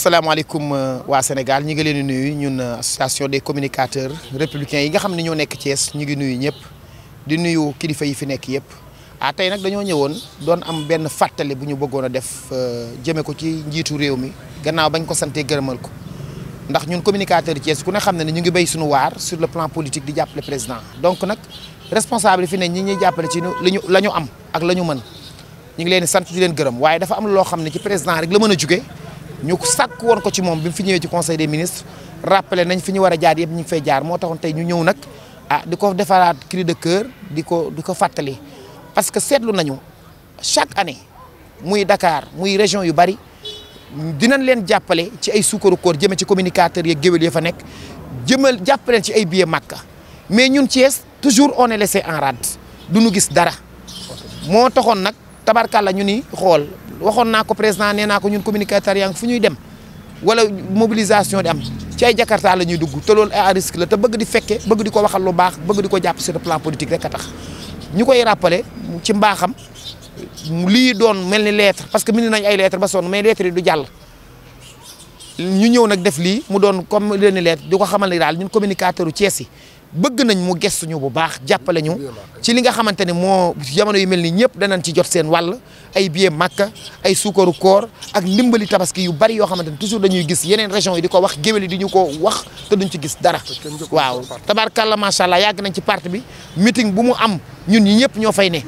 asalaamaaleykum euh, waa Sénégal ñu ngi leen di nuyu ñun euh, association des communicateurs républicains yi nga xam ne ñoo nekk cees ñu ngi nuyu ñëpp di nuyu kilifa yi fi nekk yëpp ah tey nag dañoo ñëwoon doon am benn fàttali bu ñu bëggoon a def euh, jëme ko ci njiitu réew mi gannaaw bañ ko santee gërëmal ko ndax ñun communicateur yi Thiès ku ne xam ne ne ñu ngi béy suñu waar sur le plan politique di jàppale président donc nag responsable fi ne ñi ñuy jàppale ci lañu la ñu am ak la ñu mën ñu ngi leen sant di leen gërëm waaye dafa am loo xam ne ci président rek la mën a jóge ñu sàkk woon ko ci moom bi mu fi ñëwee ci conseil des ministres rappelé nañ fi ñu war a jaar yëpp ñu ngi jaar moo taxoon tey ñu ñëw nag ah di ko defaraat cri de cœur di ko di ko fàttali parce que seetlu nañu chaque année muy Dakar muy région yu bari dinañ leen jàppale ci ay sukkaru koor jëme ci communicateurs yeeg géwél ya fa nekk jëmal jàppaleen ci ay billets Makka mais ñun Thiès toujours on est laissé en rade du ñu gis dara moo taxoon nag. la ñu ni xool waxoon naa ko président nee naa ko ñun communicateur yaa ngi fu ñuy dem wala mobilisation di am ci ay jakarta la ñuy dugg te loolu à risque la te bëgg di fekke bëgg di ko waxal lu baax bëgg di ko jàpp sur le plan politique rek a tax ñu koy rappelé ci mbaaxam lii doon mel ni lettre parce que min nañ ay leetre ba sonn mais lettre yi du jàll ñu ñëw nag def lii mu doon comme leen ni lettre di ko xamal ni daal ñun communicateur u Thiès bëgg nañ mu gestuñu bu baax jàppale ñu ci li nga xamante ne moo jamono yu mel ni ñëpp danañ ci jot seen wàll ay billet màkka ay suukaru koor ak ndimbali tabaski yu bari yoo xamante ne toujours dañuy gis yeneen région yi di ko wax géwél yi di ñu ko wax te ci gis dara waaw tabaarkalla macha allah yàgg nañ ci parti bi meeting bu mu am ñun ñi ñëpp ñoo fay ne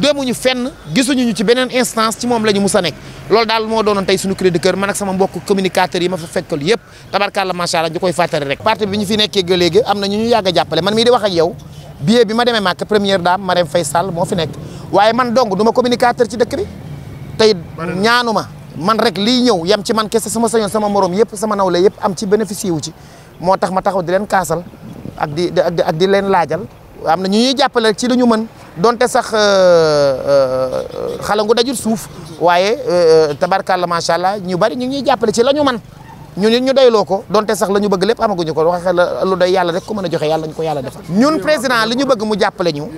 demuñu fenn gisuñu ñu ci beneen instance ci moom la ñu mus a nekk lool daal moo doonoon tey suñu cri de cœur man ak sama mbokk communicateurs yi ma fa fekkal yëpp tabarkàlla macha allah ñu koy fàttali rek. parti bi ñu fi nekkee ga léegi am na ñu ñu a jàppale man mii di wax ak yow ma demee màkk première dame Marème Faye Sall ma ci dëkk man rek lii ñëw yem ci man kese sama sañoon sama morom yëpp sama nawle yëpp am ci bénéficié wu ci moo tax ma taxaw di leen kaasal ak di ak di leen laajal am na ñu ñuy jàppale rek ci ñu mën donte sax euh, euh, xalangu dajul suuf waaye euh, la macha allah ñu bari ñu ngi jàppale ci la man ñun it ñu doyloo ko donte sax la ñu bëgg lépp amaguñu ko waxe la lu doy yàlla rek ko mën a joxe yàlla ñu ko yàlla defal ñun président li ñu bëgg mu jàppale ñu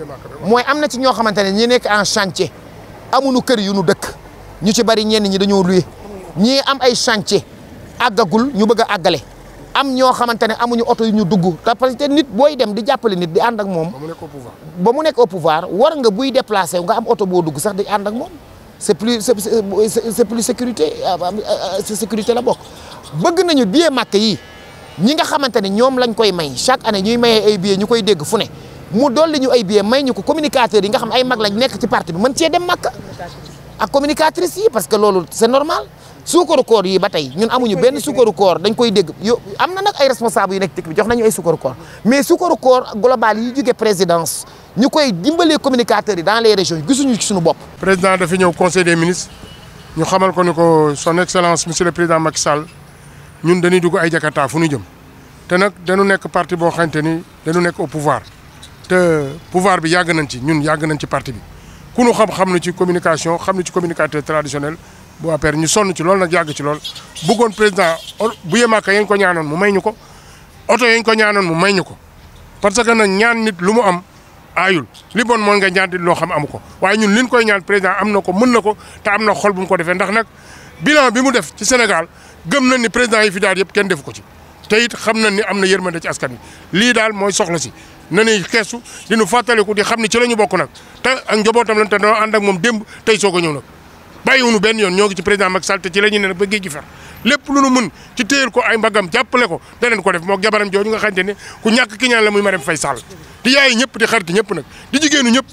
mooy am na ci ñoo xamante ne ñi nekk en amu amuñu kër yu nu dëkk ñu ci bari ñeen ñi dañoo luye ñii am ay chantier àggagul ñu bëgg a àggale am ñoo xamante ne amuñu oto ñu dugg te parce que nit booy dem di jàppale nit di ànd ak moom. ba mu nekk au pouvoir war nga buy déplacé nga am oto boo dugg sax di ànd ak moom c' est plus c' est sécurité sécurité la bokk. bëgg nañu billet màkk yi ñi nga xamante ne ñoom lañ koy may chaque année ñuy mayee ay billet ñu koy dégg fu ne mu dolli ñu ay billet may ñu ko communicateurs yi nga xam ay mag lañ nekk ci parti bi mën cee dem a ak communicatrices yi parce que loolu c' est suukaru koor yi ba tey ñun amuñu benn suukaru koor dañ koy dégg yo am na nag ay responsable yu nekk dëkk bi jox nañu ay suukaru koor mais suukaru koor global yi jóge présidence ñu koy dimbalee communicateurs yi dans les régions gisuñu ci suñu bopp président dafa ñëw conseil des ministres ñu xamal ko ni ko son excellence monsieur le président Macky Sall ñun dañuy dugg ay jakarta fu ñu jëm te nag dañu nekk parti boo xamante ni dañu nekk au pouvoir te pouvoir bi yàgg nañ ci ñun yàgg nañ ci parti bi ku xam-xam na ci communication xam na ci communicateur traditionnel boo APR ñu sonn ci lool nag yàgg ci lool bëggoon président bu yemaaka yañ ko ñaanoon mu may ñu ko oto yañ ko ñaanoon mu may ñu ko parce que nag ñaan nit lu mu am aayul li bon mooy nga ñaan nit loo xam amu ko waaye ñun liñ koy ñaan président am na ko mën na ko te am na xol bu ko defee ndax nag bilan bi mu def ci Sénégal gëm na ni président yi fi daal yëpp kenn defu ko ci te it xam na ni am na yërmande ci askan wi lii daal mooy soxla si na nuy xeesu di nu fàttaliku di xam ni ci la ñu bokk nag te ak njabootam lañ te doo moom démb tey soog ñëw nag bàyyiwunu benn yoon ñoo ngi ci président Macky Sall te ci la ñu ba géej gi fer lépp lu nu mën ci téyel ko ay mbagam jàppale ko ko def moo jabaram jooju nga xamante ne ku ñàkk ki ñaan la muy Marème Faye Sall di yaayi ñëpp di xarit ñëpp nag di jigéenu ñëpp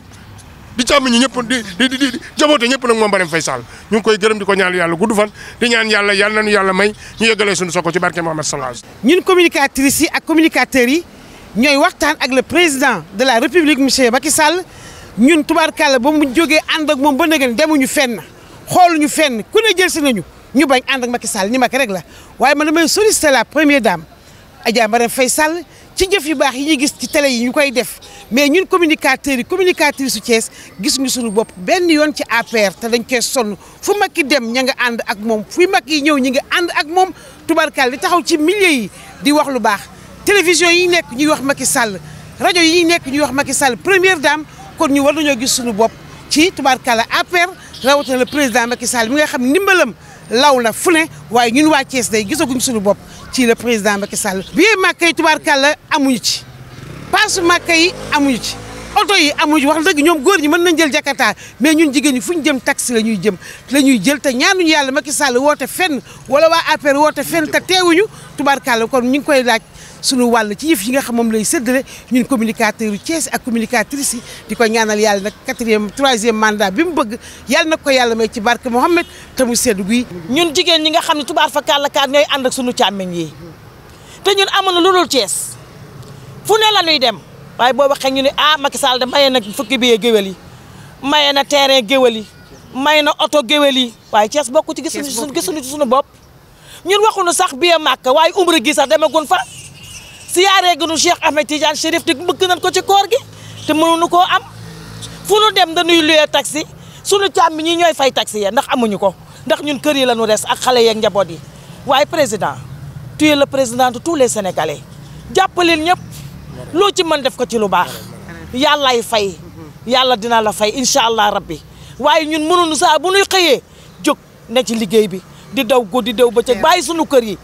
di càmm ñi ñëpp di jaboote ñëpp nag moom Marème fay Sall ñu ngi koy gërëm di ko ñaan yàlla gudd fan di ñaan yàlla yàlla nañu yàlla may ñu yëgalee suñu soko ci barke Mohamed Salah ñun communicatrices yi ak communicateurs yi ñooy waxtaan ak le président de la république monsieur Macky Sall ñun tubaarkàlla ba mu jógee ànd ak moom ba fenn xooluñu fenn ku ne jël si nañu ñu bañ ànd ak Macky Sall ni Macky rek la waaye man damay solliciter la première dame Adja Marème fay Sall ci jëf yi baax yi ñuy gis ci tele yi ñu koy def mais ñun communicateurs yi communicatrices su Thiès gisuñu suñu bopp benn yoon ci APR te dañ koy sonn fu Macky dem ña nga ànd ak moom fu Macky ñëw ñi ngi ànd ak moom tubarkaal di taxaw ci milieu yi di wax lu baax télévision yi nekk ñuy wax Macky Sall rajo yi nekk ñuy wax Macky Sall première dame kon ñu war nañoo gis suñu bopp ci tubarkaal APR rawatina le président Macky Sall mi nga xam nimbalam law na fu ne waaye ñun waa Thiès day gisaguñ suñu bopp ci le président Macky Sall. bii màkka yi tubaarkàlla amuñu ci paasu màkka yi amuñu ci oto yi amuñu wax dëgg ñoom góor ñi mën nañ jël jakarta mais ñun jigéen ñi fu ñu jëm taxi la ñuy jëm la ñuy jël te ñaanuñu yàlla Macky Sall woote fenn wala waa APR woote fenn te teewuñu tubaarkàlla kon ñu ngi koy laaj. sunu wàll ci yëf yi nga xam moom lay séddale ñun communicateur yu a ak communicatrice yi di ko ñaanal yàlla na quatrième troisième mandat bi mu bëgg yàlla na ko yàlla may ci barke Mohamed te mu seddu guy ñun jigéen ñi nga xam ne tubaar fa kàllakaan ñooy ànd ak sunu càmmeñ yi te ñun amoon na lu dul Thiès fu ne la ñuy dem waaye boo waxee ñu ne ah Macky Sall de maye na fukki biyee géwél yi maye na terrain géwél yi may na oto géwél yi waaye Thiès bokku ci gisuñu gisuñu ci suñu bopp ñun waxuñu sax biye màkk waaye umra gi sax demagun fa si siyaaree gënu Cheikh Ahmed Tidiane Chérif di bëgg nañ ko ci koor gi te mënuñu koo am fu nu dem dañuy luyee taxi sunu càmm ñi ñooy fay taxi ya ndax amuñu ko ndax ñun kër yi la ñu des ak xale yeeg njaboot yi waaye président tu es le président de tous les sénégalais jàppaleel ñëpp loo ci man def ko ci lu baax yàllaay fay yàlla dinaa la fay incha allah rabbi waaye ñun mënuñu saa bu ñuy xëyee jóg ne ci liggéey bi di daw guddi daw bëccëg bàyyi sunu kër yi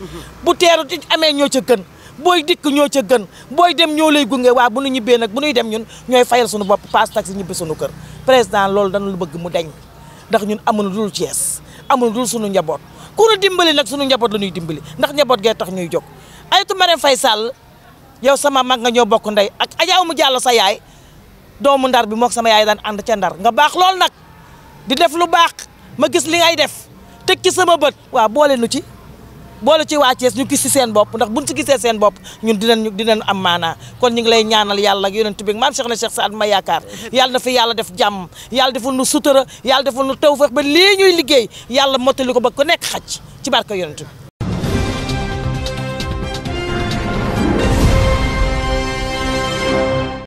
bu teeru amee ñoo ca gën. booy dikk ñoo ca gën booy dem ñoo lay gunge waa bu nu ñibbee nag bu nuy dem ñun ñooy fayal suñu bopp paas taxi ñibbi suñu kër président loolu dana lu bëgg mu deñ ndax ñun amuñu dul Thiès amuñu dul suñu njaboot ku nu dimbali nag suñu njaboot la ñuy dimbali ndax njaboot gee tax ñuy jóg Aïtou Marème fay sal yow sama mag nga ñoo bokk ndey ak Adja mu Diallo sa yaay doomu ndar bi mook sama yaay daan ànd ca ndar nga baax lool nag di def lu baax ma gis li ngay def teg ci sama bët waaw boole nu ci boole ci waa ñu gis ci seen bopp ndax buñ si gisee seen bopp ñun dinañ dinañ am maanaa kon ñu ngi lay ñaanal yàlla ak yonent bi maam Cheikh na Cheikh Saad ma yaakaar yàlla na fi yàlla def jàmm yàlla deful nu sutura yàlla deful nu tawfeex ba lii ñuy liggéey yàlla mottali ko ba ku nekk xaj ci barka yonent bi